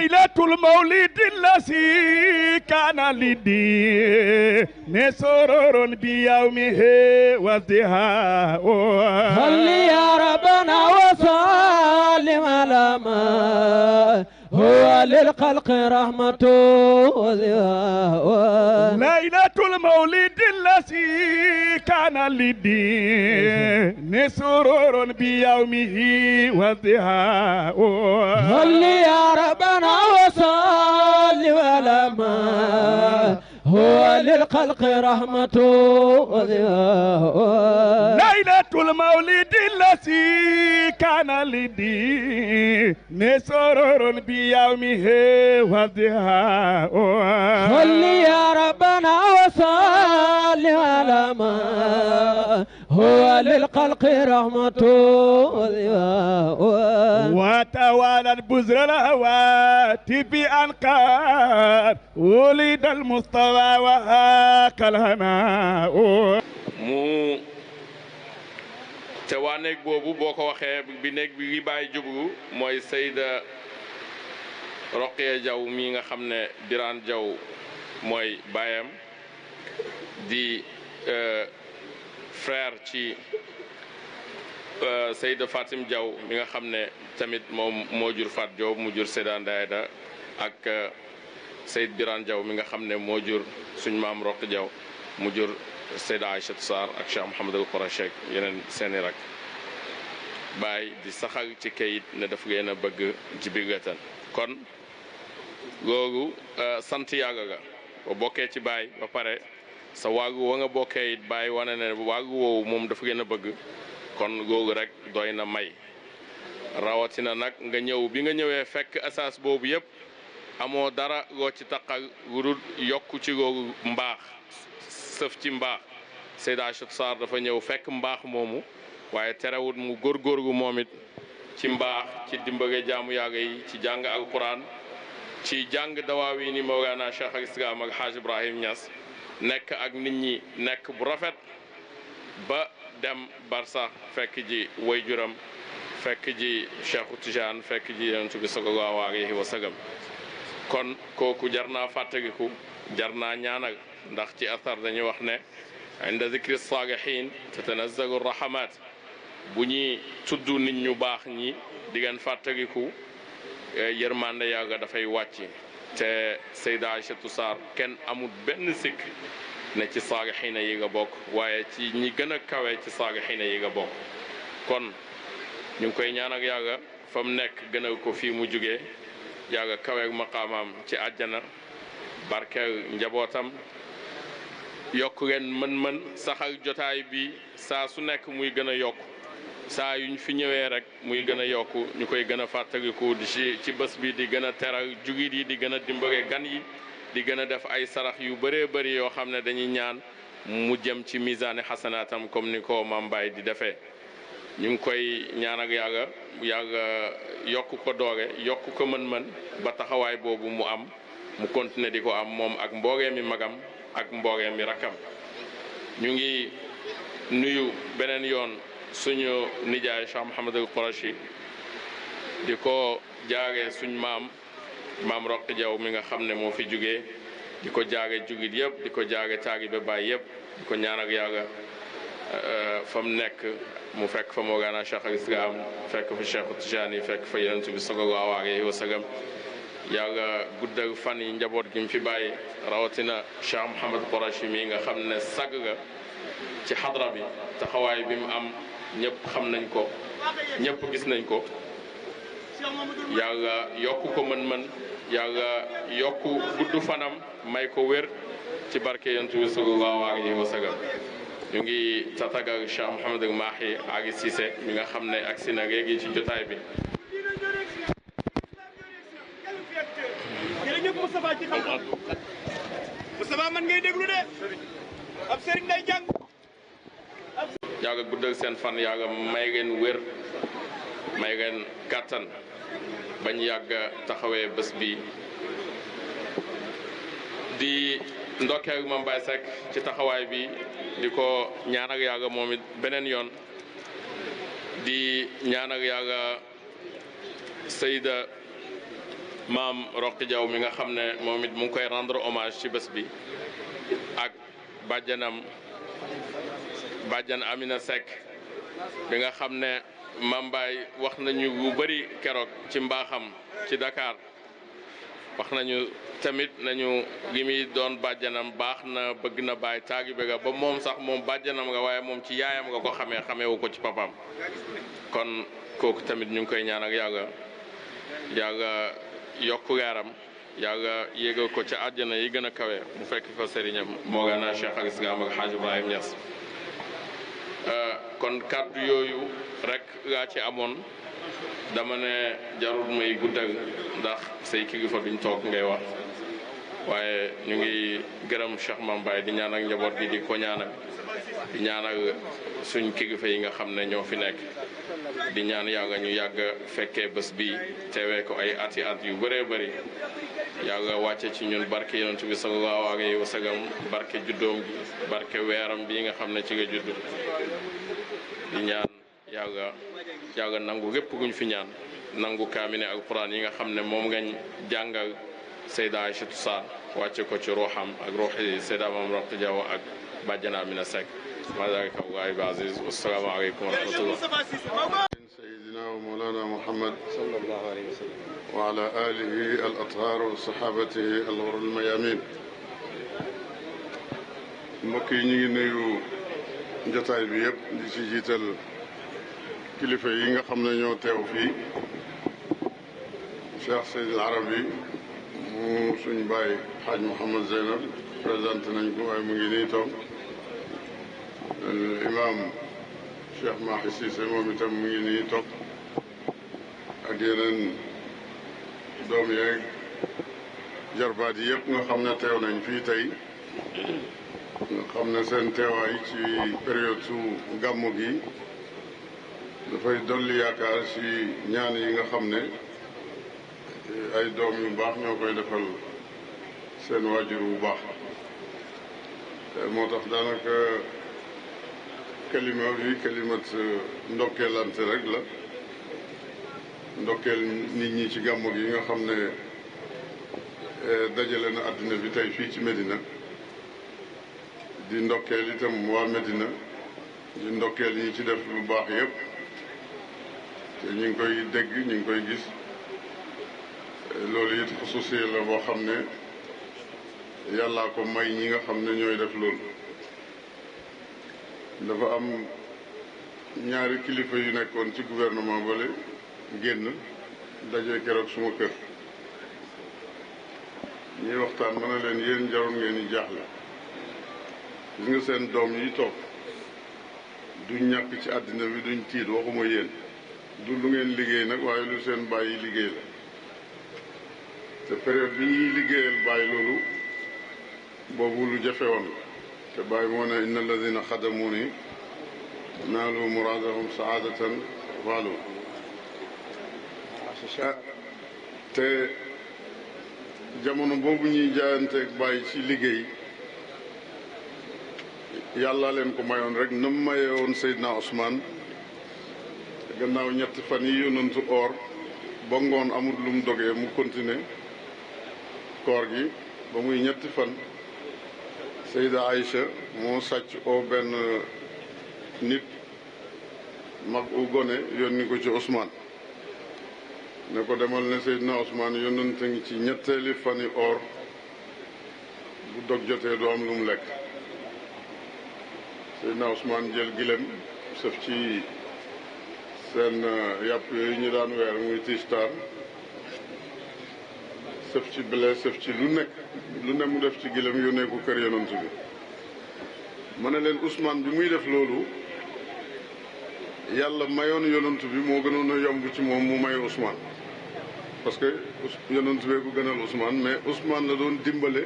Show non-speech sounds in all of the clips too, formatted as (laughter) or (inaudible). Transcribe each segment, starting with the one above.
laylatul mawlidi lasi kana lidi ne sororon bi yawmihi wa ziha salli ya rabbana wa sallim ala ma هو للخلق رحمة ليلة المولد الذي كان للدين سرور بيومه وضحاه صل يا ربنا وصل ولما هو للخلق رحمة وضحاه ليلة ذات المولد الذي كان لدي نسرور بيومه وضحاه صل يا ربنا وصل على ما هو للخلق رحمة وتوالى البزر الهواتف أنقار ولد المصطفى وهاك الهناء te waa néeg boobu boo ko waxee bi néeg bi gi bàyyi jublu mooy Seyda Roqiya Jaw mi nga xam ne Biraan Jaw mooy baayam di euh, frère ci euh, Seyda Fatim Jaw mi nga xam ne tamit moom moo jur Fat Jaw mu jur Seyda Ndayda ak euh, Seyd Biraan Jaw mi nga xam ne moo jur suñ maam Roq Jaw mu jur Seyda Aïchatou Sarr ak Cheikh Mouhamadul Kourachi ak yeneen seeni rak Baye di saxal ci kayit ne daf leen a bëgg ci biirgatan kon loolu euh, sant yàlla la ba bokkee ci baay ba pare sa waagu wa nga bokkee it Baye wane ne waagu woowu moom dafa leen a bëgg kon googu rek doy na may rawatina nag nga ñëw bi nga ñëwee fekk asaas boobu yëpp amoo dara goo ci taqal lu dul yokk ci loolu mbaax sëf ci mbaax Seyda Aïssata dafa ñëw fekk mbaax moomu waaye terewut mu góor góor gu moomit ci mbaax ci dimbage jaamu yàgg yi ci jàng ak alquran ci jàng dawaaw yi ni Mawlana Cheikh al Islam ak Haj Ibrahim Niass nekk ak nit ñi nekk bu rafet ba dem barsax fekk ji waajuram fekk ji Cheikh Tijaan fekk ji yonent bi sallallahu alayhi wa sallam kon kooku jar naa fàttaliku jar naa ñaanal ndax ci athar dañuy wax ne a zikri saalihin tatanazzalu rahamat bu ñuy tudd nit ñu baax ñi di ngeen fàttaliku eh, yërmande dafay wàcc te Sayda Aïchatu Sarr kenn amul benn sikk ne ci saalihiina yi nga bokk waaye ci ñi gën a kawe ci saalihiina yi nga bokk kon ñu ngi koy ñaanak ak yàlla fa mu nekk gëna ko fi mu jóge yàlla kaweeg maqamam ci àjjana barkeel njabootam yokk leen mën-mën saxal jotaay bi saa su nekk muy gën a yokk saa yuñ fi ñëwee rek muy gën a yokk ñu koy gën a fàttaliku di ci bës bés bi di gën a teral jugit yi di gën a dimbale gan yi di gën a def ay sarax yu bëree bëri yoo xam ne dañuy ñaan mu jëm ci misaani xasanaatam comme ni ko Maam Baay di defee ñu ngi koy ñaan ak yàlla yàlla yokk ko dooge yokk ko mën-mën ba taxawaay boobu mu am mu continuer di ko am moom ak mboolee mi magam ak mboogeem mi rakkam ñu ngi nuyu beneen yoon suñu nijaay Cheikh Mouhamed al Qourachi di ko jaage suñ maam maam Roqi Jaw mi nga xam ne moo fi jóge di ko jaagee jugit yëpp di ko jaage caagi ba bàyyi yëpp di ko ñaan ak yàgga euh, nekk mu fekk fa Mawlana Cheikh al Islam fekk fa Cheikh Tijani fekk fa Yonent bi sallallahu alayhi wa sallam yàlla guddal fan yi njaboot gi mu fi bàyyi rawatina Cheikh Mouhamed Kourachi mi nga xam ne sag la ci xadra bi xawaay bi mu am ñëpp xam nañ ko ñëpp gis nañ ko yàlla yokk ko mën-mën yàlla yokk gudd fanam may ko wér ci barke yonent bi sallallahu alayhi wa sallam ñu ngi tatagal Cheikh Mouhamed Mahi Agui Cissé mi nga xam ne agsi nag léegi ci jotaay bi Moustapha ci man ngay déglu de ab sëriñ lay jàng yaa guddal seen fan yaa nga may ngeen wér may ngeen kàttan bañ yàgg taxawee bés bi di ndokkeel Mame Baye Seck ci taxawaay bi di ko ñaan ak moom it beneen yoon di ñaan ak Seyda maam Roqi jaw mi nga xam ne moom it mu ngi koy rendre hommage ci bes bi ak bàjjanam bàjjan na Seck bi nga xam ne maam Baye wax nañu bu bëri keroog ci mbaaxam ci Dakar wax nañu tamit nañu gi muy doon bàjjanam baax na bëgg na Baye taalibe ga ba moom sax moom bàjjanam nga waaye moom ci yaayam nga ko xamee xameewu ko ci papaam kon kooku tamit ñu ngi koy ñaan ak yokk weeram yàlla yéegal ko ca àjjana yi gën a kawe mu fekk fa sëriñam Mawlana Cheikh al Islam ak Hadj Ibrahim Niass euh, kon kàddu yooyu rek laa ci amoon dama ne jarul may guddal ndax say kilifa duñ toog ngay wax waaye ñu ngi gërëm Cheikh mambaay di ñaan ak njaboot gi di ko ñaanal di ñaanal suñ kilifa yi nga xam ne ñoo fi nekk di ñaan yàlla ñu yàgg fekkee bés bi teewee ko ay at at yu bëree bëri yàlla wàcce ci ñun barke yonent bi sallallahu alayhi wa sallam barke juddoom gi barke weeram bi nga xam ne ci nga judd di ñaan yàlla yàlla nangu gépp guñ fi ñaan nangu kaamine alquran yi nga xam ne moom ngañ jàngal Seyda Aïchatou Sarr wàcce ko ci ruuxam ak ruuxi Seyda Mame Rokhaya Diaw ak bàjjana Amina Seck ماذا كم غايب عزيز والسلام عليكم ورحمة الله سيدنا ومولانا محمد صلى الله عليه وسلم وعلى آله الأطهار وصحابته الغر الميامين mbokk yi ñu ngi nuyu jotaay bi yëpp di ci jiital kilifa yi nga xam ne ñoo teew fii Cheikh Seydil Arabi mu suñ bàyyi Xaaj Mouhamad Zeynab présenté nañ ko waaye mu ngi nii toog Euh, imaam Cheikh Mahi Cissé moom itam mu ngi nii topp ak yeneen doom yeeg jarbaat yi yëpp nga xam ne teew nañ fii tey nga xam ne seen teewaay ci période su gàmmu gi dafay dolli yaakaar ci ñaan yi nga xam ne ay doom yu baax ño koy defal seen waajur wu baax moo tax daanaka kalima bi kalimat euh, ndokkeelante rek la ndokkeel nit ñi ci gàmmu gi nga xam ne euh, dajale na àddina bi tey fii ci Medina di ndokkeel itam waa Medina di ndokkeel ñi ci def lu baax yépp te ñu ngi koy dégg ñu ngi koy gis loolu it xusuusi la boo xam ne yàllaa ko may ñi nga xam ne ñooy def loolu dafa am ñaari kilifa yu nekkoon ci gouvernement bale génn daje keroog suma kër ñuy waxtaan mën a leen yéen jaroon ngeen di jaaxle gis nga seen doom yi toog du ñàkk ci àddina bi duñ tiit waxuma yéen du lu ngeen liggéey nag waaye lu seen bàyyi liggéey la te période bi ñuy liggéeyal bàyyi loolu boobu lu jafe woon la te bàyyi moo ne inna alladina xadamu ni naalu muraadahum saadatan waalu te jamono boobu ñuy jaayanteek bàyyi ci liggéey yàlla leen ko mayoon rek nam mayee woon Seydina Ousmane gannaaw ñetti fan yi yonantu or ba ngoon amul lu mu dogee mu continuer koor gi ba muy ñetti fan Seyda Aïcha moo sàcc oo benn nit mag u gone yónni ko ci usmaan ne ko demal ne Seydina Ousmane yónnante ngi ci ñetteeli fani or bu dog jotee du am lu mu lekk Seydina Ousmane jël gilem sëf ci seen uh, yàpp yooyu ñu daan weer muy tiis sëf ci blé sëf ci lu nekk lu ne mu def ci gilam yónnee ko kër yonant bi ma ne leen Ousmane bi muy def loolu yàlla mayoon yonant bi moo gënoon yomb ci moom mu may Ousmane parce que yonant bee ko gënal Ousmane mais Ousmane la doon dimbale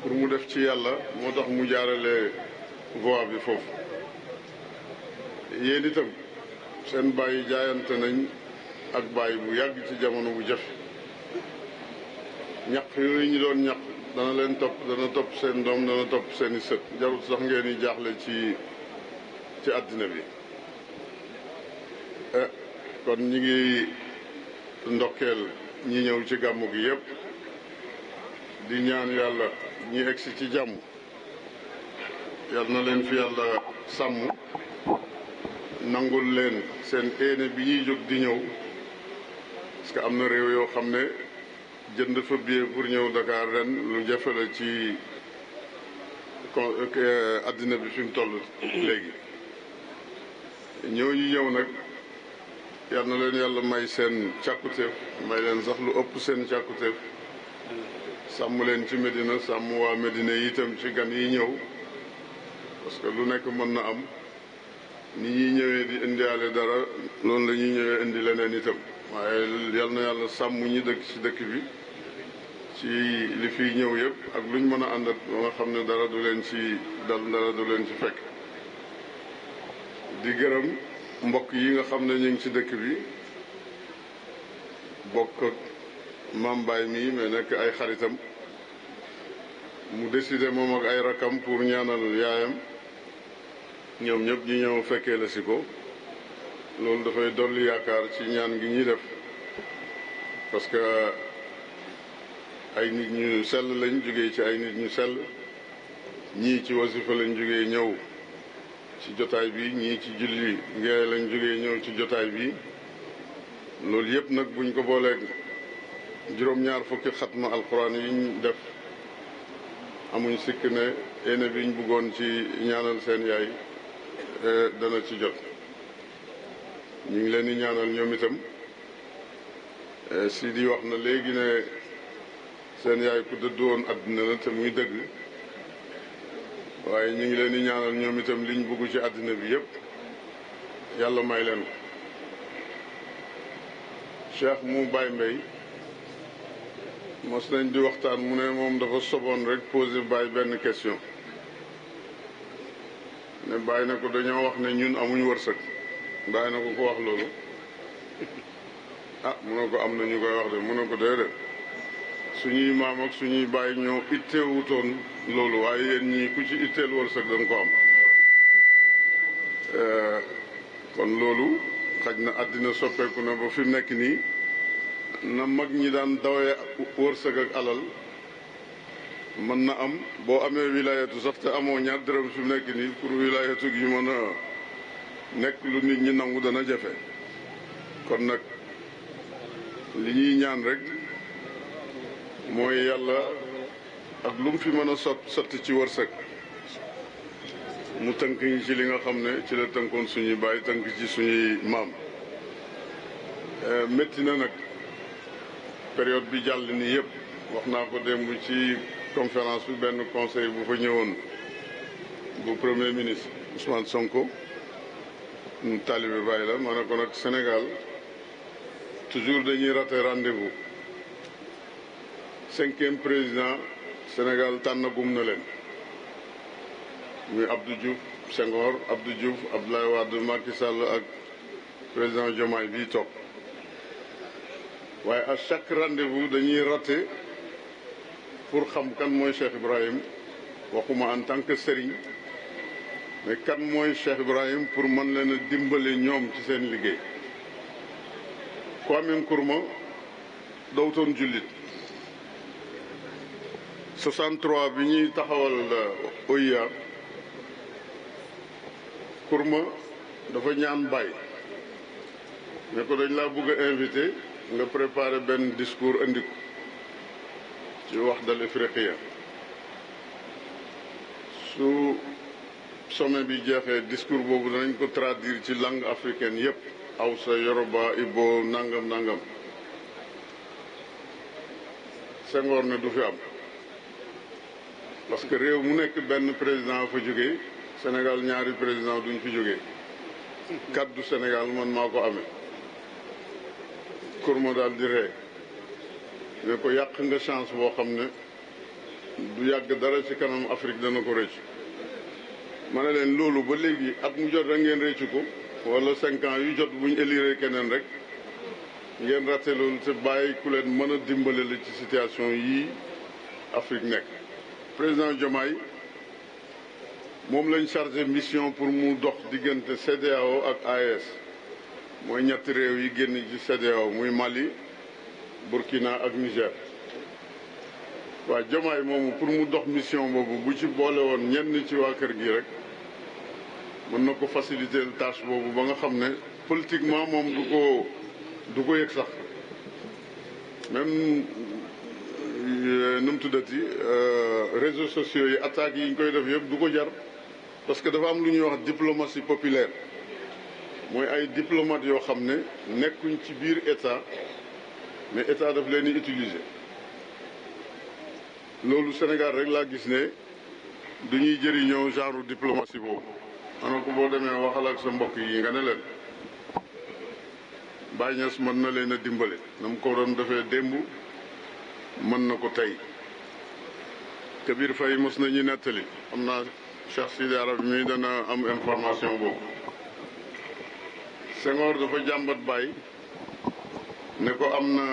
pour mu def ci yàlla moo tax mu jaarale voie bi foofu yéen itam seen bàyyi jaayante nañ ak bàyyi bu yàgg ci jamono bu jafe ñaq yooyu ñu doon ñaq dana leen topp dana topp seen doom dana topp seeni i sët jarut sax ngeen di jaaxle ci ci àddina bi eh, kon ñi ngi ndokkeel ñi ñëw ci gàmmu gi yépp di ñaan yàlla ñi egsi ci jàmm yal na leen fi yàlla sàmm nangul leen seen éene bi ñuy jóg di ñëw parce am na réew yoo xam ne jënd fa billet pour ñëw Dakar ren lu jafe la ci euh, addina bi fi mu toll léegi ñëw ñu ñëw nag yal na leen yàlla may seen càkkutéef may leen sax lu ëpp seen càkkutéef sàmm leen ci Médina sàmm waa Médina yitam itam ci gan yi ñëw parce que lu nekk mën na am ni ñuy ñëwee di indiwaale dara noonu la ñuy ñëwee indi leneen itam waaye yal yàlla sàmm ñi dëkk ci dëkk bi ci li fi ñëw yëpp ak luñ mën a ànd ak ba nga xam ne dara du leen ci dal dara du leen ci fekk di gërëm mbokk yi nga xam ne ñu ngi ci dëkk bi bokk maam baay mii mais nekk ay xaritam mu décidé moom ak ay rakam pour ñaanal yaayam ñoom ñëpp ñu ñëw fekkee la si ko loolu dafay dolli yaakaar ci ñaan gi ñuy def parce que ay nit ñu sell lañ jógee ci ay nit ñu sell ñii ci wasifa lañ jógee ñëw ci jotaay bi ñii ci julli ngee lañ jógee ñëw ci jotaay bi loolu yëpp nag buñ ko booleeg juróom-ñaar fukki xatma alquran yiñ def amuñ sikk ne yéene biñ bëggoon ci ñaanal seen yaay e, dana ci jot ñu ngi leen di ñaanal ñoom itam e, si di wax na léegi ne seen yaay ku dëddu woon àddina la te muy dëgg waaye ñu ngi leen di ñaanal ñoom itam liñ bëgg ci àddina bi yépp yàlla may leen ko Cheikh mu Baye Mbaye mos nañ di waxtaan mu ne moom dafa soboon rek posé Baye benn question ne bàyyi na ko dañoo wax ne ñun amuñ wërsëg bàyyi na ko ko wax loolu (laughs) ah mu ne ko am na ñu koy wax de mu ne ko déedéet suñuy maam ak suñuy bàyyi ñoo itteewutoon loolu waaye yéen ñii ku ci itteel wërsëg da nga ko am euh, kon loolu xaj na àddina soppeeku na ba fi mu nekk nii na mag ñi daan dawee wërsëg ak alal mën na am boo amee wilaayatu sax te amoo ñaar dërëm fi nekk nii pour wilaayatu gi mën a nekk lu nit ñi nangu dana jafe kon nag li ñuy ñaan rek mooy yàlla ak lu mu fi mën a sot sotti ci wërsëg mu tënk ñi ci li nga xam ne ci la tënkoon suñuy baay tënk ci suñuy maam eh, metti na nag période bi jàll ni yëpp wax naa ko démb ci conférence bi benn conseil bu fa ñëwoon bu premier ministre Ousmane Sonko taalibe Baay la ma ne ko nag Sénégal toujours dañuy raté rendez-vous cinquième président Sénégal tànnagum na leen muy Abdou Diouf Senghor Abdou Diouf Abdoulaye Wade Macky Sall ak président Diomaye bii toog waaye à chaque rendez-vous dañuy raté pour xam kan mooy Cheikh Ibrahim waxuma en tant que sëriñ mais kan mooy Cheikh Ibrahim pour mën leen a dimbale ñoom ci seen liggéey Kwame Nkrumah dawtoon jullit 63 bi ñuy taxawal euh, OIA pour ma dafa ñaan bàyyi ne ko dañ laa bëgg a invité nga prépare benn discours indi ko ci wax dal Ifriqiya su sommet bi jeexee discours boobu danañ ko traduire ci langue africaine yépp Hausa Yoruba Igbo nangam nangam Senghor ne du fi am parce que réew mu nekk benn président fa jógee Sénégal ñaari président duñ fi jógee kaddu Sénégal man maa ko amee kur ma daal di ree ne ko yàq nga chance boo xam ne du yàgg dara ci kanam Afrique dana ko rëccu ma ne leen loolu ba léegi at mu jot rek ngeen rëccu ko walla cinquant ans yu jot buñ élire keneen rek ngeen raté loolu te bàyyi ku leen mën a dimbale la ci situation yii Afrique nekk président Diomaye moom lañ chargé mission pour mu dox diggante CEDEAO ak AES mooy ñetti réew yi génn ci CEDEAO muy Mali Burkina ak Niger waa Diomaye moomu pour mu dox mission boobu bu ci boole woon ñenn ci waa kër gi rek mën na ko faciliter tâche boobu ba nga xam ne politiquement moom du ko du ko yëg sax même Euh, nu mu tuddati euh, réseaux sociaux yi attaques yi ñu koy def yëpp du ko jar parce que dafa am lu ñuy wax diplomatie populaire mooy ay diplomate yoo xam ne nekkuñ ci biir état mais état daf leen di utiliser loolu Sénégal rek laa gis ne du ñuy jëriñoo genre diplomatie boobu. maanaam ko boo demee waxal sa mbokk yi nga ne leen Baye Niass mën na leen a dimbale na mu ko doon defee démb. mën na ko tey Kabir Faye mos nañu nettali am naa Cheikh Sidi Arab mi dana am information boobu Senghor dafa jàmbat bàyyi ne ko am na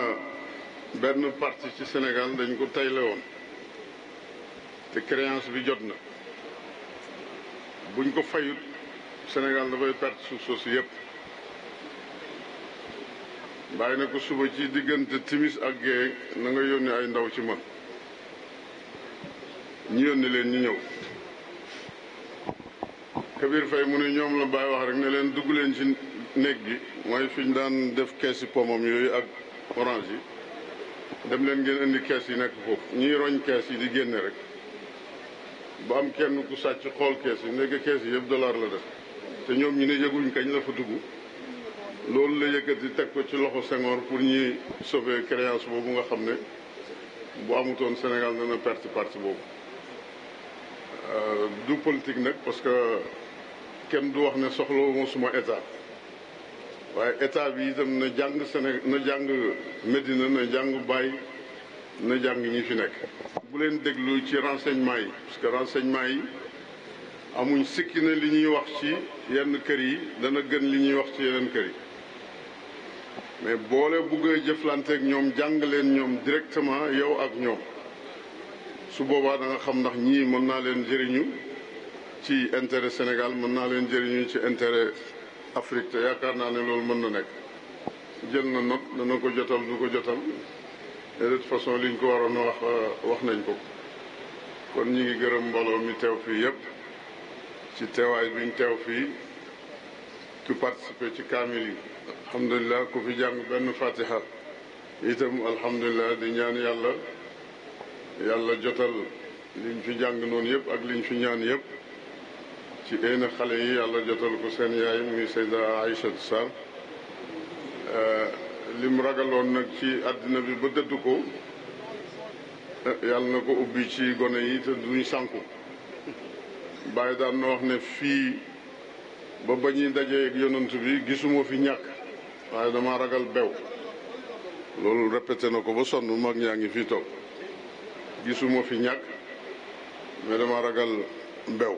benn parti ci Sénégal dañ ko tayle woon te créance bi jot na buñ ko fayut Sénégal dafay perte suuf soosu yëpp bàyyi na ko suba ci diggante timis ak géey na nga yónni ay ndaw ci man ñu yónni leen ñu ñëw Kabir Faye mu ne ñoom la bàyyi wax rek ne leen dugg leen ci néeg gi mooy fi ñu daan def kees yi pomam yooyu ak orange yi dem leen ngeen indi kees yi nekk foofu ñiy roñ kees yi di génne rek bu am kenn ku sàcc xool kees yi nekk kees yi yëpp dollar la def te ñoom ñu ne yëguñ kañ la fa dugg loolu la yëkkati teg ko ci loxo Senghor pour ñuy sauver créance boobu nga xam ne bu amutoon Sénégal dana perte parti boobu euh, du politique nag parce que kenn du wax ne soxlawuma suma état waaye état bi itam na jàng Sénégal na jàng Médina na jàng Baye na jàng ñi fi nekk bu leen déglu ci renseignement yi parce que renseignement yi amuñ sikki ne li ñuy wax ci yenn kër yi dana gën li ñuy wax ci yeneen kër yi mais boole buggee jëflanteeg ñoom jàng leen ñoom directement yow ak ñoom su boobaa da xam ndax ñii mën naa leen jëriñu ci intérêt Sénégal mën naa leen jëriñu ci intérêt Afrique te yaakaar naa ne loolu mën na nekk jël na not dana ko jotal du ko jotal de toute façon liñ ko waroon a wax euh, wax nañ ko kon ñi ngi gërëm mbooloo mi teew fii yépp ci teewaay biñ teew fii ki participé ci kaamil yi alhamdulilah ku fi jàng benn fatiha itam alhamdulilah di ñaan yàlla yàlla jotal li fi jàng noon yëpp ak liñ fi ñaan yëpp ci een xale yi yàlla jotal ko seen yaay muy Seyda Aïchatou eh, li mu ragaloon nag ci àddina bi ba dëdd ko eh, yàlla na ko ubbi ci gone yi te duñ sànku bàyyi daan na ne fii ba ba ñuy dajeeg yonant bi gisuma fi ñàkk waaye damaa ragal bew loolu répété na ko ba sonn mag ñaa ngi fi toog gisuma fi ñàkk mais dama ragal bew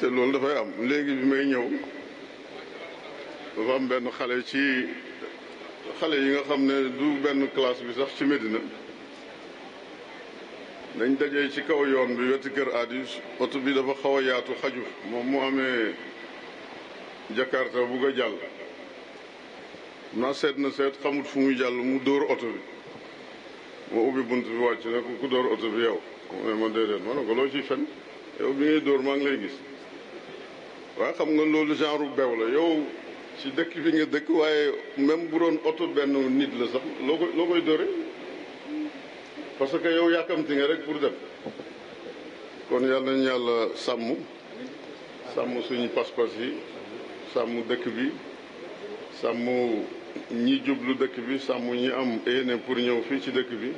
te loolu dafay am léegi bi may ñëw dafa am benn xale ci xale yi nga xam ne du benn classe bi sax ci Medina dañ daje ci kaw yoon bi wetu kër addis oto bi dafa xaw a yaatu xaju moom mu amee jakarta bugg a jàll na seet na seet xamut fu muy jàll mu dóor oto bi ma ubbi bunt bi wàcc ne ku dóor oto bi yow mu ne ma déedéet ma ne ko loo ciy fen yow bi ngay dóor maa ngi lay gis waaye xam nga loolu genre bew la yow ci dëkk bi nga dëkk waaye même bu doon oto benn nit la sax loo koy loo koy dóore parce que yow yàkkamti nga rek pour dem kon yàlla nañu yàlla sàmm sàmm suñu pas-pas yi sàmm dëkk bi sàmm ñi jublu dëkk bi sàmm ñi am yéene pour ñëw fii ci dëkk bi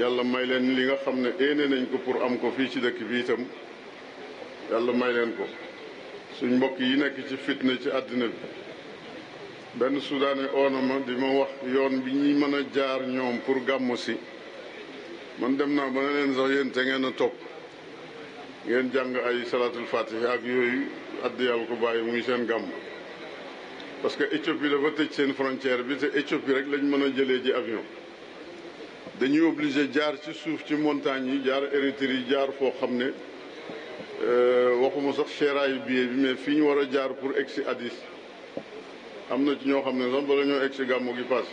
yàlla may leen li nga xam ne yéene nañ ko pour am ko fii ci dëkk bi itam yàlla may leen ko suñ mbokk yi nekk ci fitna ci àddina bi benn soudané oona ma di ma wax yoon bi ñuy mën a jaar ñoom pour gàmmu si man dem naa ba ne leen sax yéen te ngeen a topp ngeen jàng ay salatul fatiha ak yooyu addiyal ko bàyyi muy seen gàmm parce que Éthiopie dafa tëj seen frontière bi te Éthiopie rek lañ mën a jëlee ji avion dañuy obligé jaar ci suuf ci montagne yi jaar Érythrée yi jaar foo xam ne euh, waxuma sax seeraayu billet bi mais fii ñu war a jaar pour egsi Addis am na ci ñoo xam ne sax bala ñoo egg si gàmmu gi paas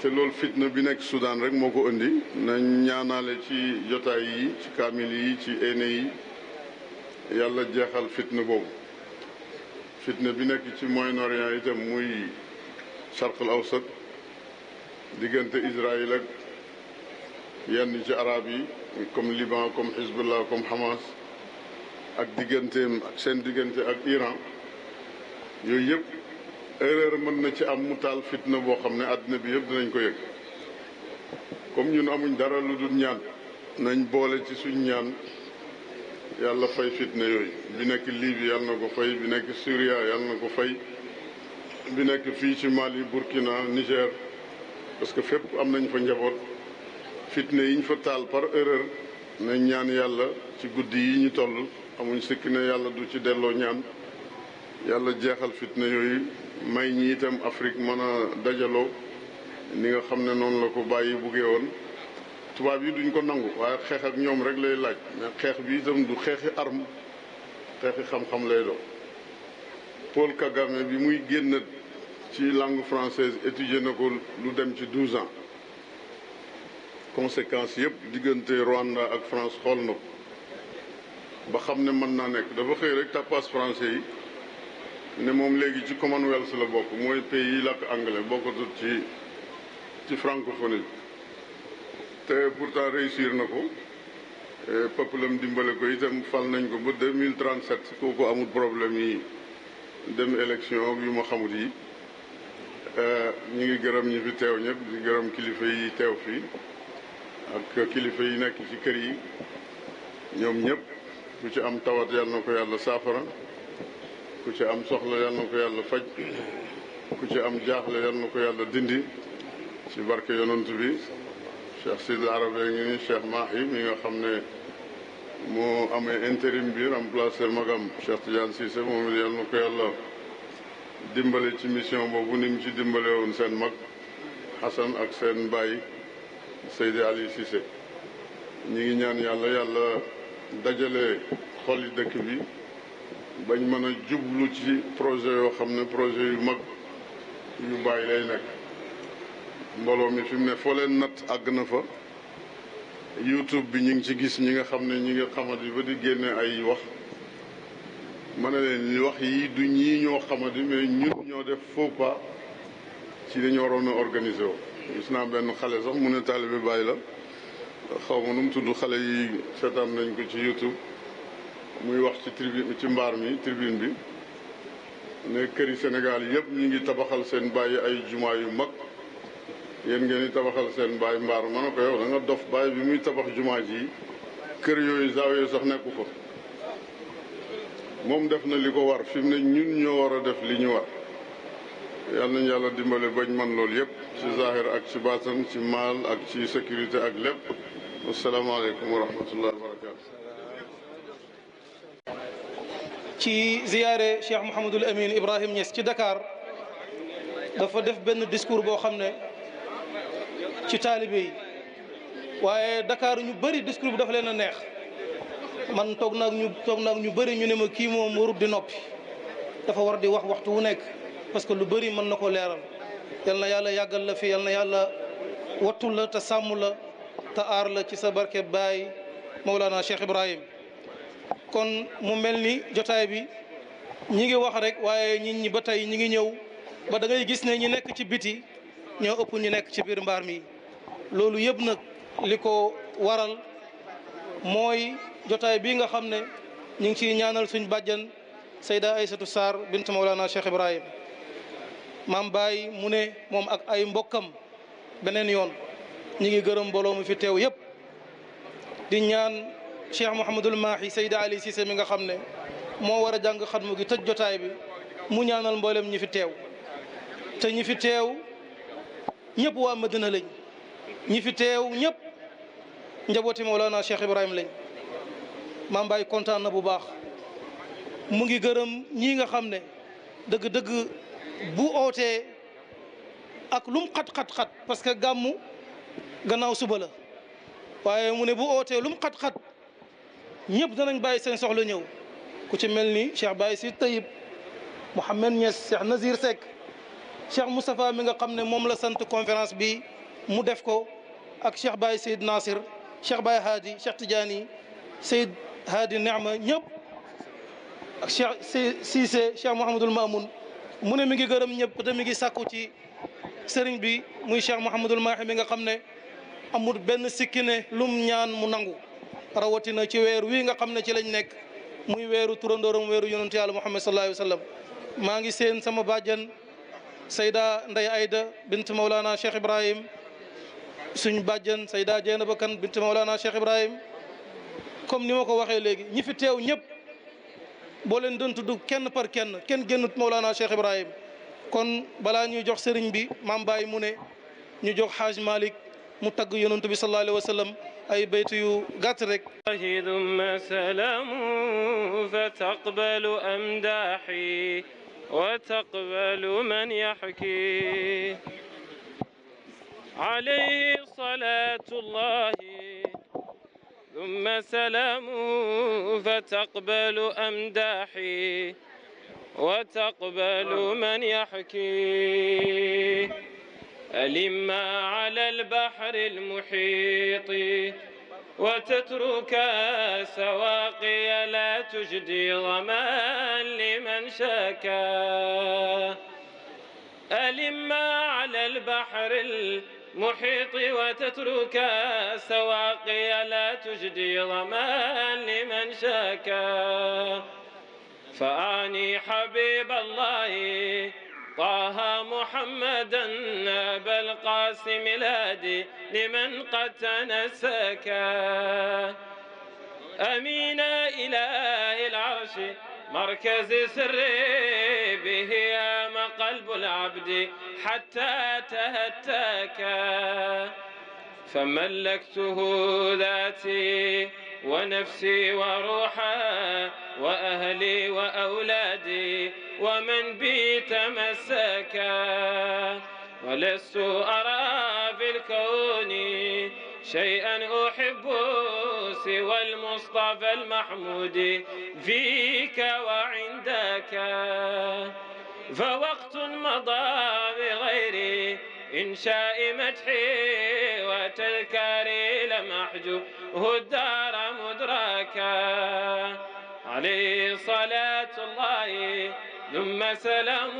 te loolu fitna bi nekk Soudan rek moo ko indi nañ ñaanaale ci jotaay yi ci kaamil yi ci aîné yi yàlla jeexal fitna boobu fitna bi nekk ci Moyen-Orient itam muy Charqul Awsat diggante Israël ak yenn ci arab yi comme Liban comme Hezbollah comme Hamas ak digganteem seen diggante ak Iran yooyu yëpp erreur mën na ci am mu taal fitna boo xam ne àddina bi yëpp dinañ ko yëg comme ñun amuñ dara lu dul ñaan nañ boole ci suñ ñaan yàlla fay fitna yooyu bi nekk Libye yàlla na ko fay bi nekk Syria yàlla na ko fay bi nekk fii ci Mali Burkina Niger parce que fépp am nañ fa njaboot fitna yi ñu fa taal par erreur nañ ñaan yàlla ci guddi yi ñu toll amuñ sikki ne yàlla du ci delloo ñaan yàlla jeexal fitna yooyu may ñi itam Afrique mën a dajaloo ni nga xam ne noonu la ko bàyyi buggee woon tubaab yi duñ ko nangu waaye xeex ak ñoom rek lay laaj mais xeex bi itam du xeexi arme xeexi xam-xam lay doon Paul Kagame bi muy génn ci langue française étudier na ko lu dem ci douze ans conséquences yëpp diggante Rwanda ak France xool na ko ba xam ne mën naa nekk dafa xëy rek tappaas français yi ne moom léegi ci commonwealth la bokk mooy pays yi làkk anglais bokkatut ci ci francophonie te pourtant réussir na ko pëppalam dimbale ko itam fal nañ ko ba 2037 kooku amul problème yi dem élection yu ma xamut yi ñu ngi gërëm ñi fi teew ñëpp di gërëm kilifa yi teew fii ak kilifa yi nekk ci kër yi ñoom ñëpp ku ci am tawat yàlla na ko yàlla saafara ku ci am soxla yal na ko yàlla faj ku ci am jaaxle yal na ko yàlla dindi ci barke yonant bi Cheikh Sidil Arabi ngi ni Cheikh Mahi mi nga xam ne moo amee intérim bi remplacer magam Cheikh Tidiane Cissé moom it yal na ko yàlla dimbale ci mission boobu ni mu ci dimbale woon seen mag Hassan ak seen baay Seydi Ali Cissé ñi ngi ñaan yàlla yàlla dajale yi dëkk bi bañ mën a jublu ci projet yoo xam ne projet yu mag yu bàyyi lay nekk mbooloo mi fi mu ne foo leen natt àgg na fa youtube bi ñu ngi ci gis ñi nga xam ne ñi nga xamadi ba di génne ay wax ma ne leen wax yi du ñi ñoo xamadi mais ñun ñoo def faux pas ci dañu waroon a organiser woo gis naa benn xale sax mu ne taalibe Baay la xaw ma nu mu tudd xale yi seetaan nañ ko ci youtube muy wax ci tribune ci mbaar mi tribune bi ne kër yi Sénégal yëpp ñu ngi tabaxal seen bàyyi ay jumaa yu mag yéen ngeen yi tabaxal seen bàyyi mbaar ma ne ko yow da nga dof bàyyi bi muy tabax jumaa ji kër yooyu zaawiya sax nekku ko moom def na li ko war fi mu ne ñun ñoo war a def li ñu war yal nañu yàlla dimbale bañ man loolu yëpp ci zahir ak ci baatam ci maal ak ci sécurité ak lépp asalaamaaleykum wa rahmatullah ci ziyaare Cheikh Mouhamadul Amin Ibrahim Niass ci dakaar dafa def benn discours boo xam ne ci taalibe yi waaye Dakar ñu bëri discours bi dafa leen a neex man toog nag ñu toog naag ñu bëri ñu ne ma kii moom warut di noppi dafa war di wax waxtu wu nekk parce que lu bëri mën na ko leeral yal na yàlla yàggal la fi yal na yàlla wattu la te sàmm la te aar la ci sa barke baay Mawlana Cheikh Ibrahim kon mu mel ni jotaay bi ñi ngi wax rek waaye nit ñi ba tey ñi ngi ñëw ba dangay gis ne ñi nekk ci biti ñoo ëpp ñu nekk ci biir mbaar mi loolu yëpp nag li ko waral mooy jotaay bii nga xam ne ñu ngi ciy ñaanal suñ bàjjan Sayda Aysatu Sarr bint Mawlana Cheikh Ibrahim maam Baye mu ne moom ak ay mbokkam beneen yoon ñi ngi gërëm mbooloo mu fi teew yëpp di ñaan cheikh Mouhamadul Mahi Seyda Ali Cissé mi nga xam ne moo war a jàng xatmu gi ta jotaay bi mu ñaanal mboolem ñi fi teew te ñi fi teew ñëpp waa Madina lañ ñi fi teew ñëpp njabooti Mawlana Cheikh Ibrahim lañ maam Baye kontaan na bu baax mu ngi gërëm ñi nga xam ne dëgg-dëgg bu ootee ak lum xat xat parce que gàmmu gannaaw suba la waaye mu ne bu ootee lum xat-xat ñëpp danañ bàyyi seen soxla ñëw ku ci mel ni Cheikh Baye Si Tayib Mouhamed Niass Cheikh Nazir Seck Cheikh Moustapha mi nga xam ne moom la sant conférence bi mu def ko ak Cheikh Baye Seyd Nasir Cheikh Baye Hadi Cheikh Tidiane Seyd Hadi Neema ñëpp ak Cheikh Cissé Cheikh Mouhamadul Mamoun mu ne mi ngi gërëm ñëpp te mi ngi sàkku ci sëriñ bi muy Cheikh Mouhamadul Mahi mi nga xam ne amul benn sikki ne lum ñaan mu nangu rawatina ci weer wii nga xam ne ci lañ nekk muy weeru turandooram weeru yonentu yàlla muhammad sallallahu alayhi wa maa ngi seen sama bàjjan sayda nday ayda bint maulana cheikh ibrahim suñ bàjjan sayda jeena bakan bint maulana cheikh ibrahim comme ni ma ko waxee léegi ñi fi teew ñëpp boo leen doon tudd kenn par kenn kenn génnut maulana cheikh ibrahim kon balaa ñuy jox sëriñ bi maam Baye mu ne ñu jox xaaj malik mu tagg yonentu bi sallallahu alayhi ay bayt yu gàtt rek ahidumma salamu fa taqbalu amdahi wa taqbalu man yaxki alayhi salatu llahi ثم سلام فتقبل أمداحي وتقبل من يحكي ألما على البحر المحيط وتترك سواقي لا تجدي ظما لمن شكا ألما على البحر المحيط وتترك سواقي لا تجدي ظما لمن شكا فأعني حبيب الله طه محمدا أبا القاسم الهادي لمن قد تنسكا أمين إله العرش مركز سر به أم قلب العبد حتى تهتكا فملكته ذاتي ونفسي وروحا وأهلي وأولادي ومن بي تمسكا ولست أرى في الكون شيئا أحب سوى المصطفى المحمود فيك وعندك فوقت مضى بغير إنشاء مدحي وتذكاري لمحجوب الدار مدركا عليه صلاة الله ثم سلام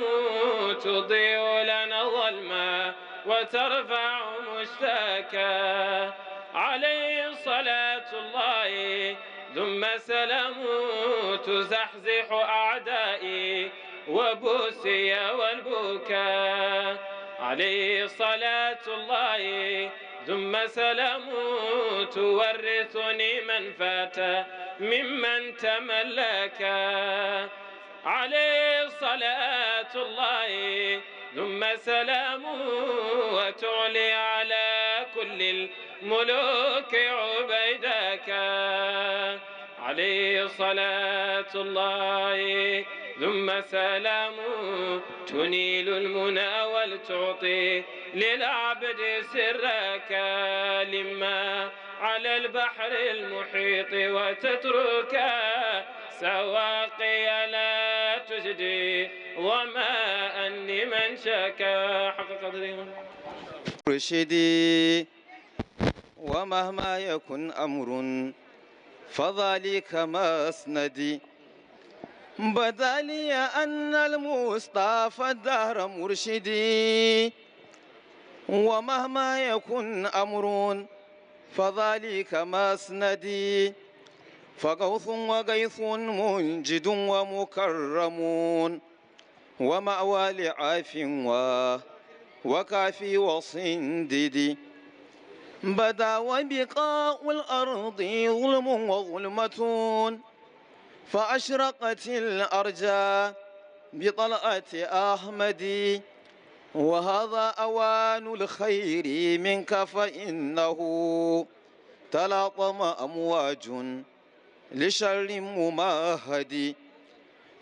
تضيء لنا ظلما وترفع مشتاكا عليه صلاة الله ثم سلام تزحزح أعدائي وبوسي والبكاء عليه صلاة الله ثم سلام تورثني من فات ممن تملك عليه صلاة الله ثم سلام وتعلي على كل الملوك عبيدك عليه صلاة الله ثم سلام تنيل المنى ولتعطي للعبد سرك لما على البحر المحيط وتترك سواقي لا تجدي وما أني من شكا حق قدرهم رشدي ومهما يكن أمر فذلك مسندي بدا لي أن المصطفى الدهر مرشدي ومهما يكن أمر فذلك مسندي فغوث وغيث منجد ومكرم ومأوى لعاف وكافي وصنددي بدا وبقاء الأرض ظلم وظلمة فأشرقت الأرجى بطلعة أحمد وهذا أوان الخير منك فإنه تلاطم أمواج لشر مماهد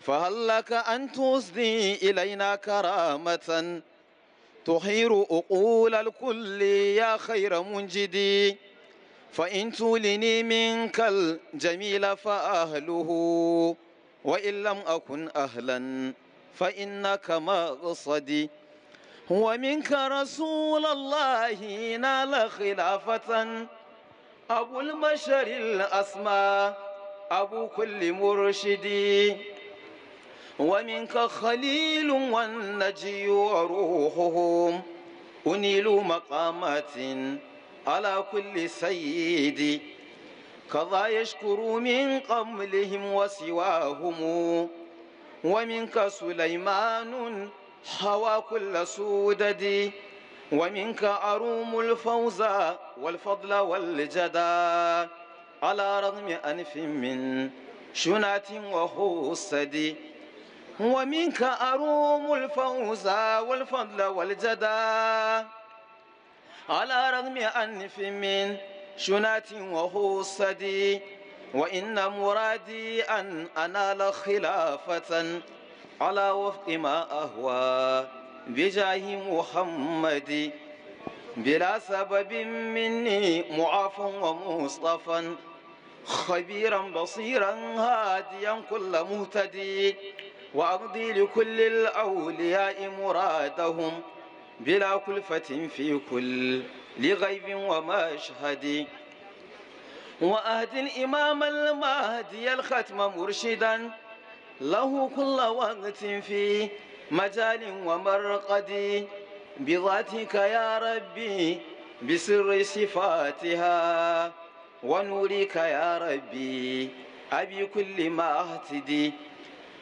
فهل لك أن تسدي إلينا كرامة تحير أقول الكل يا خير منجدي فإن تولني منك الجميل فأهله وإن لم أكن أهلا فإنك مقصدي ومنك رسول الله نال خلافة أبو البشر الأسمى أبو كل مرشد ومنك خليل والنجي وروحهم أنيل مقامات على كل سيد كذا يشكر من قبلهم وسواهم ومنك سليمان حوى كل سودد ومنك أروم الفوز والفضل والجدى على رغم أنف من شنات وحسد ومنك أروم الفوز والفضل والجدى على رغم أنف من شنات وحوصدي وإن مرادي أن أنال خلافة على وفق ما أهوى بجاه محمد بلا سبب مني معافا ومصطفى خبيرا بصيرا هاديا كل مهتدي وأقضي لكل الأولياء مرادهم بلا كلفة في كل لغيب ومشهد وأهد الإمام المهدي الختم مرشدا له كل وقت في مجال ومرقد بذاتك يا ربي بسر صفاتها ونورك يا ربي أبي كل ما اهتدي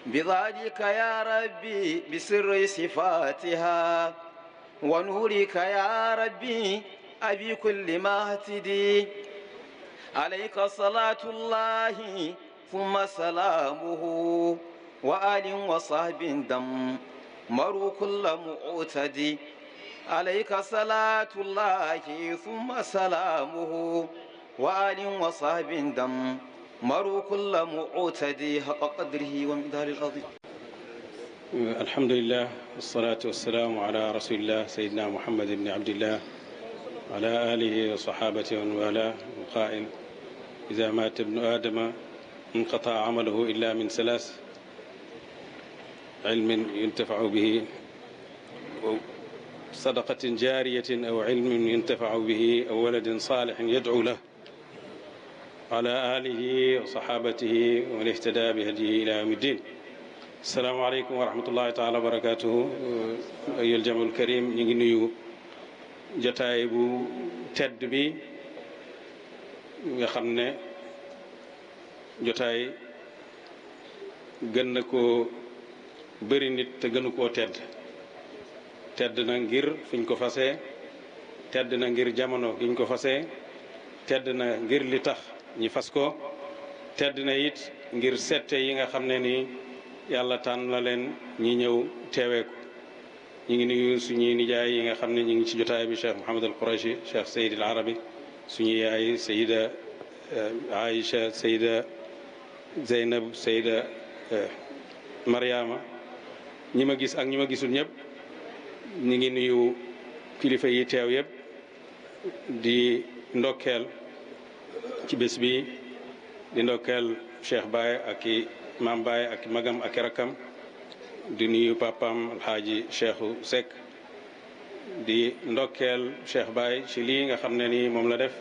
بذلك يا ربي بسر صفاتها ونورك يا ربي أبي كل ما اهتدي عليك صلاة الله ثم سلامه وآل وصحب دم مروا كل معتدي عليك صلاة الله ثم سلامه وآل وصحب دم مروا كل معتدي حق قدره ومقدار العظيم alhamdulilah walsalaatu wassalaamu ala rasulillah sayidina muhammad ibni abdillah wa ala alihi wa sahabati wa man wala qaa'il ida maata ibnu aadama inqataa amaluhu illa min salaas ilmin yuntafacu bihi aw sadaqatin jaariyatin aw ilmin yuntafacu bihi aw waladin saalixin yadcu lah wa ala alihi wa sahabatihi wa man ihtada bihadihi ila yawmi ddin salaamaaleykum wa rahmatullahi taala wa barakaatuhu ayul jamul karim ñu ngi nuyu jataay bu tedd bi nga xam ne jotaay gën na koo bëri nit te gënu koo tedd tedd na ngir fiñ ko fase tedd na ngir jamono giñ ko fase tedd na ngir litax ñi fas ko tedd na it ngir sette yi nga xam ne nii yàlla tànn la leen ñi ñëw teewee ko ñu ngi nuyu suñuy nijaay yi nga xam ne ñu ngi ci jotaay bi cheikh Mouhamed al Qurashi cheikh Sayid al Arabi suñu yaay Sayida eh, Aïcha Sayida Zeynab Sayida eh, Mariama ñi ma gis ak ñi ma gisul ñëpp ñu ngi nuyu kilifa yi teew yëpp di ndokkeel ci bés bi di ndokkeel Cheikh Baye ak maam Baye ak magam ak kerakam di nuyu papam alxaaji Cheikhou sek di ndokkeel Cheikh Baye ci lii nga xam ne nii moom la def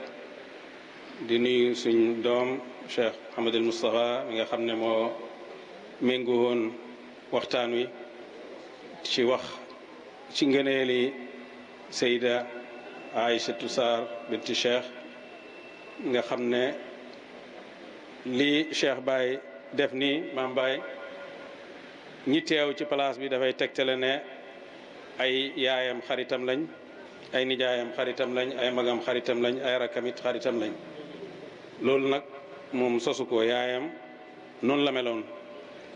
di nuyu suñ doom Cheikh Mouhamadul Moustapha mi nga xam ne moo méngu woon waxtaan wi ci wax ci ngëneeli Seyda Aïchatou Sarr binti Cheikh nga xam ne lii Cheikh Baye def nii mambaay Baye ñi teew ci place bi dafay tegtale ne ay yaayam xaritam lañ ay nijaayam xaritam lañ ay magam xaritam lañ ay rakamit xaritam lañ loolu nag moom sosu ko yaayam noonu la meloon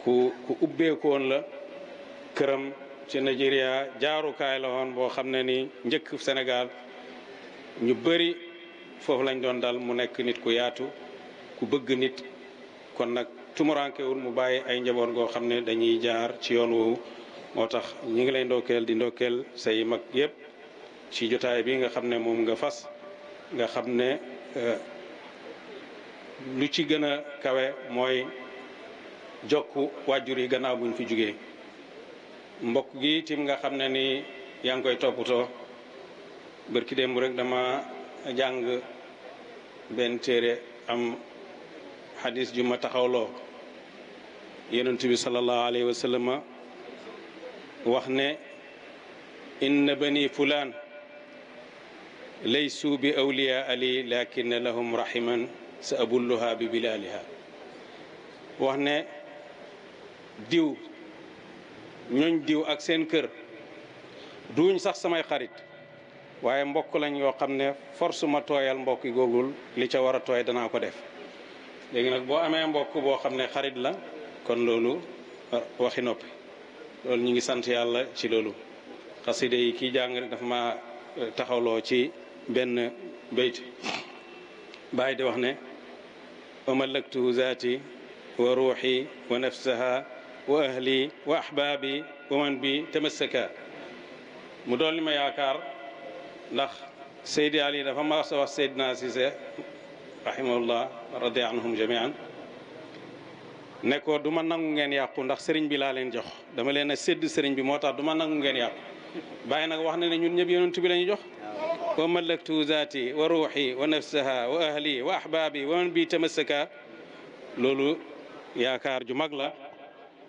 ku ku ubbeekoon la këram ci Nigeria jaarukaay la woon boo xam ne ni njëkk Sénégal ñu bari foofu lañ doon daal mu nekk nit ku yaatu ku bëgg nit kon nag tumurankewul mu bàyyi ay njaboot goo xam ne dañuy jaar ci yoon woowu moo tax ñi ngi lay ndokkeel di ndokkeel say mag yépp ci jotaay bi nga xam ne moom nga fas nga xam ne eh, lu ci gën a kawe mooy jokku waajur yi gannaaw buñ fi jugee mbokk gi tim nga xam ne ni yaa ngi koy toppatoo bërki démb rek dama jàng benn téere am xadis ju ma taxawloo yonent bi sallallahu alayhi wa wax ne inna bani fulaan laysu bi awliyaa ali lakin lahum rahiman sa abulluha bi bilaaliha wax ne diw ñooñ diw ak seen kër duuñ sax samay xarit waaye mbokk lañ yoo xam ne force ma tooyal mbokk googul li ca war a tooy danaa ko def léegi nag boo amee mbokk boo xam ne xarit la kon loolu ah, waxi nopp loolu ñu ngi sant yàlla ci loolu xasida yi kii jàng dafa ma eh, taxawloo ci benn bayt bàyyi de wax ne wa malaktuhu zaati wa ruuxi wa nafsaha wa ahli wa ahbaabi wa man bi tamassaka mu doon li ma yaakaar ndax Seydi Ali dafa ma sa wax Seydina Cissé rahimahullah radi anhum ne ko du ma nangu ngeen yàqu ndax sëriñ bi laa leen jox dama leen a sédd sëriñ bi moo tax du ma nangu ngeen yàqu bàyyi nag wax na ne ñun ñëpp yonent bi la jox wa malaktu zaati wa ruuxi wa nafsaha wa ahli wa ahbaabi wa man bi tamassaka loolu yaakaar ju mag la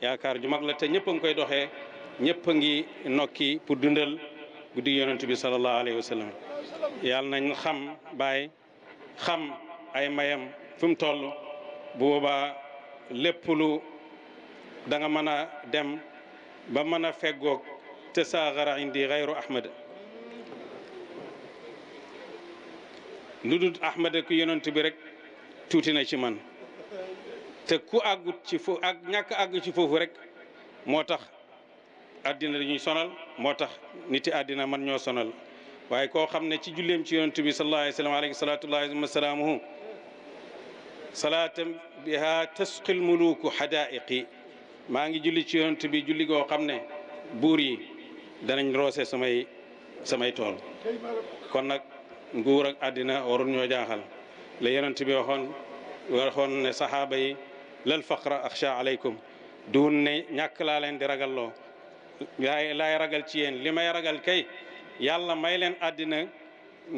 yaakaar ju mag la te ñëpp a ngi koy doxee ñëpp a ngi nokki pour dundal guddi yonent bi sallallahu alayhi wa sallam yàlla nañ xam baay xam ay mayam fi mu toll lépp lu da mën a dem ba mën a feggoog te saaxara indi xayru ahmada lu dul ku yonent bi rek tuuti na ci man te ku àggut ci foofu ñàkk àgg ci foofu rek moo tax àddina dañuy sonal moo tax niti àddina man ñoo sonal waaye koo xam ne ci julleem ci yonent bi sallallahu alayhi wa sallam salaatan biha tasqil muluku hadaiqi maa ngi julli ci yonent bi julli goo xam ne buur yi danañ roose samay samay tool kon nag nguur ak àddina warul ñoo jaaxal la bi waxoon waxoon ne saxaaba yi lal faqra axsha aleykum duun ne ñàkk laa leen di ragal loo laay ragal ci yéen li may ragal kay yàlla may leen àddina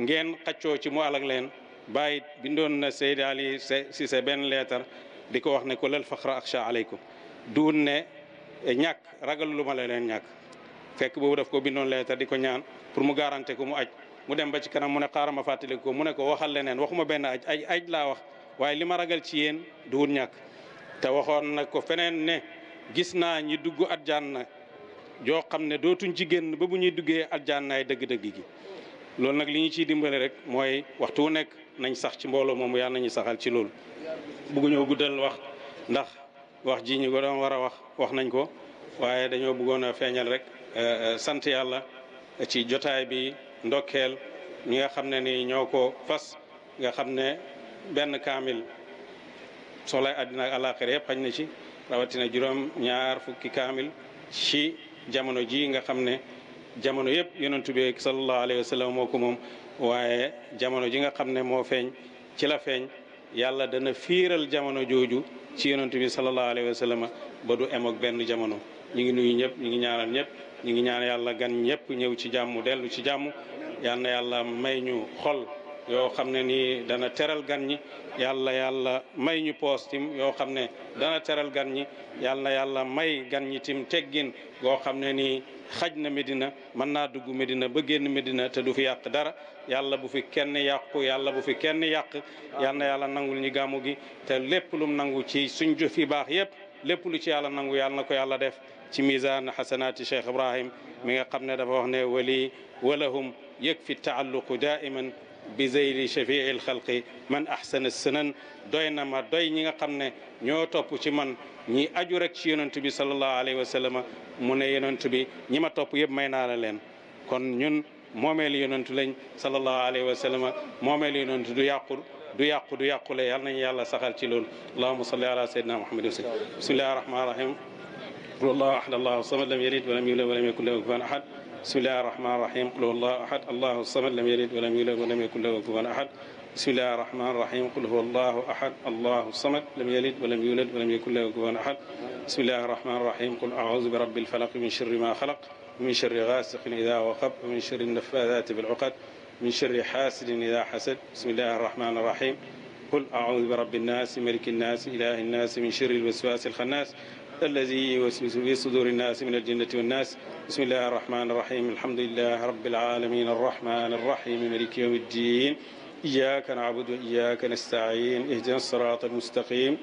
ngeen xaccoo ci mu alag leen bàyyit bindoon na Seydi Ali Cissé benn leetar di ko wax ne ko lal faqra akhsha aleykum duun ne eh, ñàkk ragal lu ma la leen ñàkk fekk boobu daf ko bindoon leetar di ko ñaan pour mu garanté ko mu aj mu dem ba ci kanam mu ne xaaral ma fàttaliku ko mu ne ko waxal leneen waxuma benn aj aj aj laa wax waaye li ma ragal ci yéen duun ñàkk te waxoon na ko feneen ne gis naa ñi dugg aljanna joo xam ne dootuñ ci génn ba bu ñuy duggee aljannaay dëgg-dëgg gi loolu nag li ñu ciy dimbale rek mooy waxtu wu nekk nañ sax ci mbooloo moom yàlla nañu saxal ci loolu bëgguñoo guddal wax ndax wax ji ñu ko war a wax wax nañ ko waaye dañoo bëggoon a feeñal rek euh, euh, sant yàlla ci jotaay bi ndokkeel ñi nga xam ne ni ñoo ko fas nga xam ne benn kaamil soxlay àddina ak àllaaxira xañ na ci rawatina juróom ñaar fukki kaamil ci jamono ji nga xam ne jamono yëpp yonentu bi sallallahu alayhi wa sallam moom waaye jamono ji nga xam ne moo feeñ ci la feeñ yàlla dana fiiral jamono jooju ci yonent bi sallallahu alayhi wa sallam ba du em benn jamono ñu ngi nuyu ñëpp ñu ngi ñaanal ñëpp ñu ngi ñaan yàlla gan ñëpp ñëw ci jàmm dellu ci jàmm yal na yàlla may ñu xol yoo xam ne nii dana teral gan ñi yàlla yàlla may ñu poos yoo xam ne dana teral gan ñi yàlla yàlla may gan ñi tim teggin goo xam ne nii xaj na Medina mën naa dugg Medina ba génn Medina te du fi yàq dara yàlla bu fi kenn yàqu yàlla bu fi kenn yàq yàlla yàlla nangul ñi gàmmu gi te lépp lum nangu ci suñ jëf yi baax yépp lépp lu ci yàlla nangu yàlla na ko yàlla def ci misaan xasanaati Cheikh Ibrahim mi nga xam ne dafa wax ne wali walahum yëg fi taalluqu daiman bi zeyli shafii lxalqi man ahsana sunan doy na ma doy ñi nga xam ne ñoo topp ci man ñi aju rek ci yonent bi sallallahu alayhi wa sallam mu ne yonent bi ñi ma topp yëpp may naa la leen kon ñun moomeelu yonent lañ sallallahu alayhi wa sallam moomeelu yonent du yàqu du yàqu du yàqule yal nañu yàlla saxal ci loolu allahuma salli ala sayyidina muhammadin bismillahi rahmani rahim allah ahad allah samad lam yalid walam yulad walam yakun lahu kufuwan ahad bismillahi rahmaani rahiim qul huwallahu ahad allahu samad lam yalid walam yulad walam yakun lahu kufuwan ahad bismillahi rahmaani rahiim qul huwallahu ahad allahu samad lam yalid walam yulad walam yakun lahu kufuwan ahad bismillahi rahmaani rahiim qul audu bi rabbil falaq min sharri ma xalaq min sharri gaasiqin ida waqab min sharri naffaathaati bil uqad min sharri xaasidin ida xasad bismillahi rahmaani rahiim qul audu bi rabbi nnaasi maliki nnaasi ilaahi nnaasi min sharri lwaswaasi alxannaas alladi yuwaswisu fi suduri nnaasi min aljinnati wannaas بسم الله الرحمن الرحيم الحمد لله رب العالمين الرحمن الرحيم مالك يوم الدين إياك نعبد وإياك نستعين اهدنا الصراط المستقيم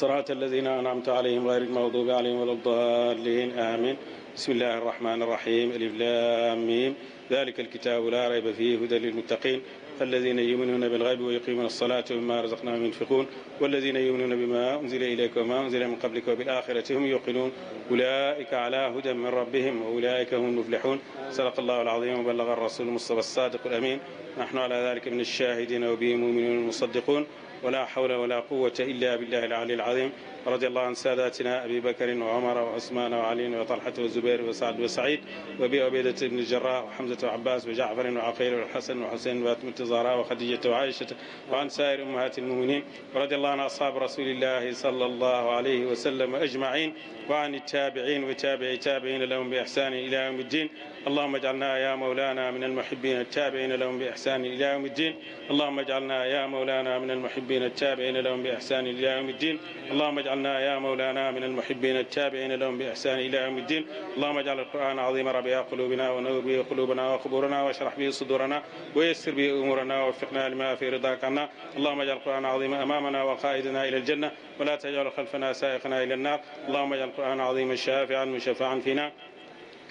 صراط الذين أنعمت عليهم غير المغضوب عليهم ولا الضالين آمين بسم الله الرحمن الرحيم ألف لام ميم ذلك الكتاب لا ريب فيه هدى للمتقين الذين يؤمنون بالغيب ويقيمون الصلاة ومما رزقناهم ينفقون والذين يؤمنون بما أنزل إليك وما أنزل من قبلك وبالآخرة هم يوقنون أولئك على هدى من ربهم وأولئك هم المفلحون صدق الله العظيم وبلغ الرسول المصطفى الصادق الأمين نحن على ذلك من الشاهدين وبه مؤمنون المصدقون ولا حول ولا قوة إلا بالله العلي العظيم radiallahu an saadatina abi bakarin wa omara wa osmana wa aliin wa talhata wa zubair wa saad wa said wa bi obaydata ibni jarrah wa hamzata wa abbas wa jaafarin wa aqil wa alhasan wa husain wa atmata zahra wa khadijata wa aishata wa an sairi ummahati almuminin wa radiallahu an ashab rasulillahi sallallahu alayhi wa sallam ajmain wa an التابعين وتابعي تابعين لهم بإحسان إلى يوم الدين اللهم اجعلنا يا مولانا من المحبين التابعين لهم بإحسان إلى يوم الدين اللهم اجعلنا يا مولانا من المحبين التابعين لهم بإحسان إلى يوم الدين اللهم اجعلنا واجعلنا يا مولانا من المحبين التابعين لهم بإحسان إلى يوم الدين اللهم اجعل القرآن عظيم ربيع قلوبنا ونور به قلوبنا وقبورنا واشرح به صدورنا ويسر به أمورنا ووفقنا لما في رضاك عنا اللهم اجعل القرآن عظيم أمامنا وقائدنا إلى الجنة ولا تجعل خلفنا سائقنا إلى النار اللهم اجعل القرآن عظيما شافعا مشفعا فينا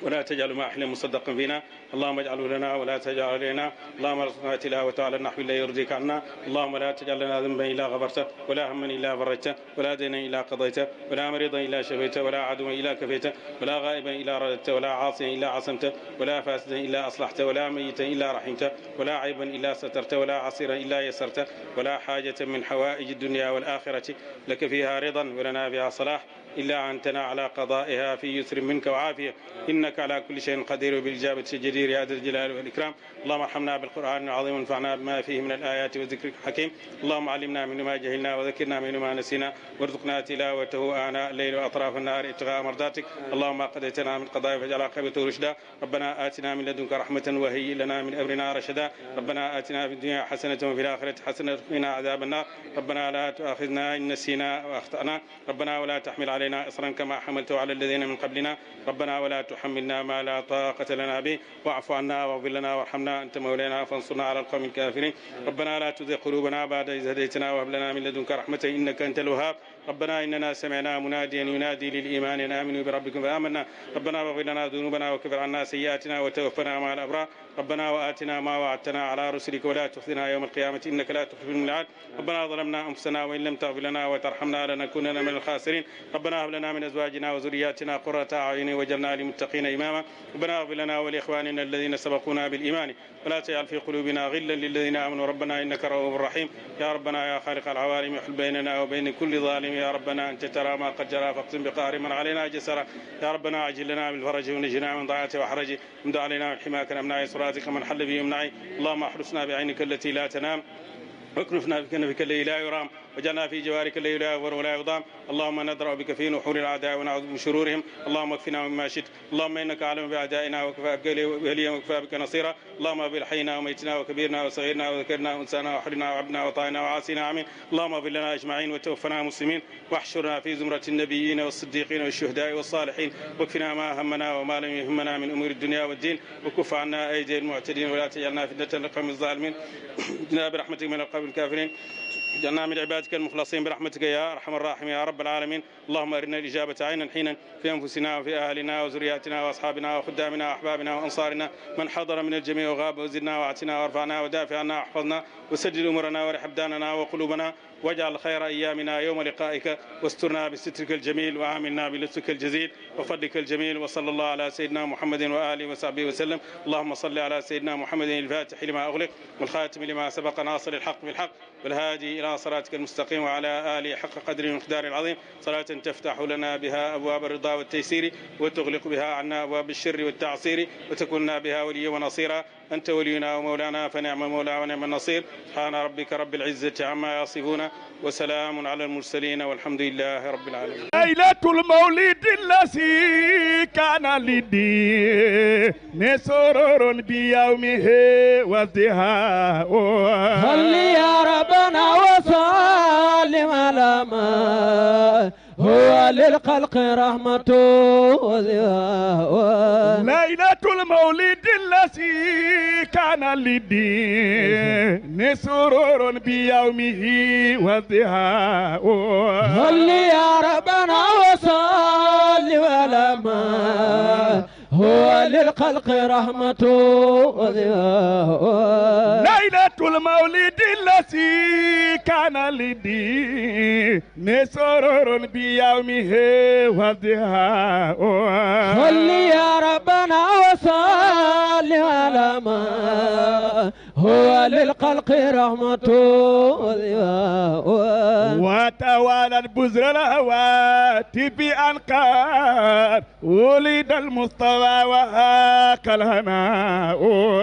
ولا تجعل ما أحلم مصدقا فينا اللهم اجعله لنا ولا تجعل علينا اللهم ارزقنا تلاوته على النحو الذي يرضيك عنا اللهم لا تجعل لنا ذنبا إلا غفرته ولا هما إلا فرجته ولا دينا إلا قضيته ولا مريضا إلا شفيته ولا عدوا إلا كفيته ولا غائبا إلا رددته ولا عاصيا إلا عصمته ولا فاسدا إلا أصلحته ولا ميتا إلا رحمته ولا عيبا إلا سترته ولا عصيرا إلا يسرته ولا حاجة من حوائج الدنيا والآخرة لك فيها رضا ولنا فيها صلاح إلا أعنتنا على قضائها في يسر منك وعافية إنك على كل شيء قدير وبالإجابة الجدير يا ذا الجلال والإكرام اللهم ارحمنا بالقرآن العظيم وانفعنا بما فيه من الآيات والذكر الحكيم اللهم علمنا من ما جهلنا وذكرنا من ما نسينا وارزقنا تلاوته آناء الليل وأطراف النهار ابتغاء مرضاتك اللهم قضيتنا من قضاء فاجعل عاقبته رشدا ربنا آتنا من لدنك رحمة وهيئ لنا من أمرنا رشدا ربنا آتنا في الدنيا حسنة وفي الآخرة حسنة وقنا عذاب النار ربنا لا تؤاخذنا إن نسينا وأخطأنا ربنا ولا تحمل علينا علينا إصرا كما حملته على الذين من قبلنا ربنا ولا تحملنا ما لا طاقة لنا به واعف عنا واغفر لنا وارحمنا أنت مولانا فانصرنا على القوم الكافرين ربنا لا تزغ قلوبنا بعد إذ هديتنا وهب لنا من لدنك رحمة إنك أنت الوهاب ربنا إننا سمعنا مناديا ينادي للإيمان أن آمنوا بربكم فآمنا ربنا واغفر لنا ذنوبنا وكفر عنا سيئاتنا وتوفنا مع الأبرار ربنا وآتنا ما وعدتنا على رسلك ولا تخزنا يوم القيامة إنك لا تخلف الميعاد ربنا ظلمنا أنفسنا وإن لم تغفر لنا وترحمنا لنكونن من الخاسرين ربنا هب لنا من أزواجنا وذرياتنا قرة أعين واجعلنا للمتقين إماما ربنا اغفر لنا ولإخواننا الذين سبقونا بالإيمان ولا تجعل في قلوبنا غلا للذين آمنوا ربنا إنك رؤوف رحيم يا ربنا يا خالق العوالم احل بيننا وبين كل ظالم يا ربنا أنت ترى ما قد جرى فاقسم بقهر من علينا جسرا يا ربنا عجل لنا بالفرج ونجنا من ضاعته وحرجه امد علينا من حماك أمنا يسرا عوراتك من حل بهم نعي اللهم احرسنا بعينك التي لا تنام واكنفنا بكنفك الذي لا يرام واجعلنا في جوارك لا يلام ولا يضام اللهم ندرا بك في نحور الاعداء ونعوذ من شرورهم اللهم اكفنا مما شئت اللهم انك عالم باعدائنا وكفى وليا وكفى بك نصيرا اللهم بالحينا وميتنا وكبيرنا وصغيرنا وذكرنا وانسانا وحرنا وعبنا وطائنا وعاصينا امين اللهم اغفر لنا اجمعين وتوفنا مسلمين واحشرنا في زمره النبيين والصديقين والشهداء والصالحين واكفنا ما همنا وما لم يهمنا من امور الدنيا والدين وكف عنا ايدي المعتدين ولا تجعلنا فتنه لقوم الظالمين برحمتك من القوم الكافرين واجعلنا من عبادك المخلصين برحمتك يا ارحم الراحمين يا رب العالمين اللهم ارنا الاجابه عينا حينا في انفسنا وفي اهلنا وزرياتنا واصحابنا وخدامنا واحبابنا وانصارنا من حضر من الجميع وغاب وزدنا واعتنا وارفعنا ودافع عنا واحفظنا وسجل امورنا وارحم داننا وقلوبنا واجعل خير ايامنا يوم لقائك واسترنا بسترك الجميل وعاملنا بلطفك الجزيل وفضلك الجميل وصلى الله على سيدنا محمد واله وصحبه وسلم اللهم صل على سيدنا محمد الفاتح لما اغلق والخاتم لما سبق ناصر الحق بالحق والهادي إلى صراطك المستقيم وعلى آله حق قدره ومقداره العظيم صلاة تفتح لنا بها أبواب الرضا والتيسير وتغلق بها عنا أبواب الشر والتعصير وتكون بها وليا ونصيرا أنت ولينا ومولانا فنعم المولى ونعم النصير سبحان ربك رب العزة عما يصفون وسلام على المرسلين والحمد لله رب العالمين ليلة المولد الذي كان لدي سرور بيومه وازدهاء صل يا ربنا وسلم على ما هو للخلق رحمة ليلة المولد الذي كان للدين سرور بيومه وضحاه صل يا ربنا وصل ولما هو للخلق رحمة ليلة المولد الذي كان لدي نسرور بيومه وضحاء صل يا ربنا وصل على ما هو للخلق رحمة وتوالى البزر الهواتف أنقار ولد المصطفى وهاك الهناء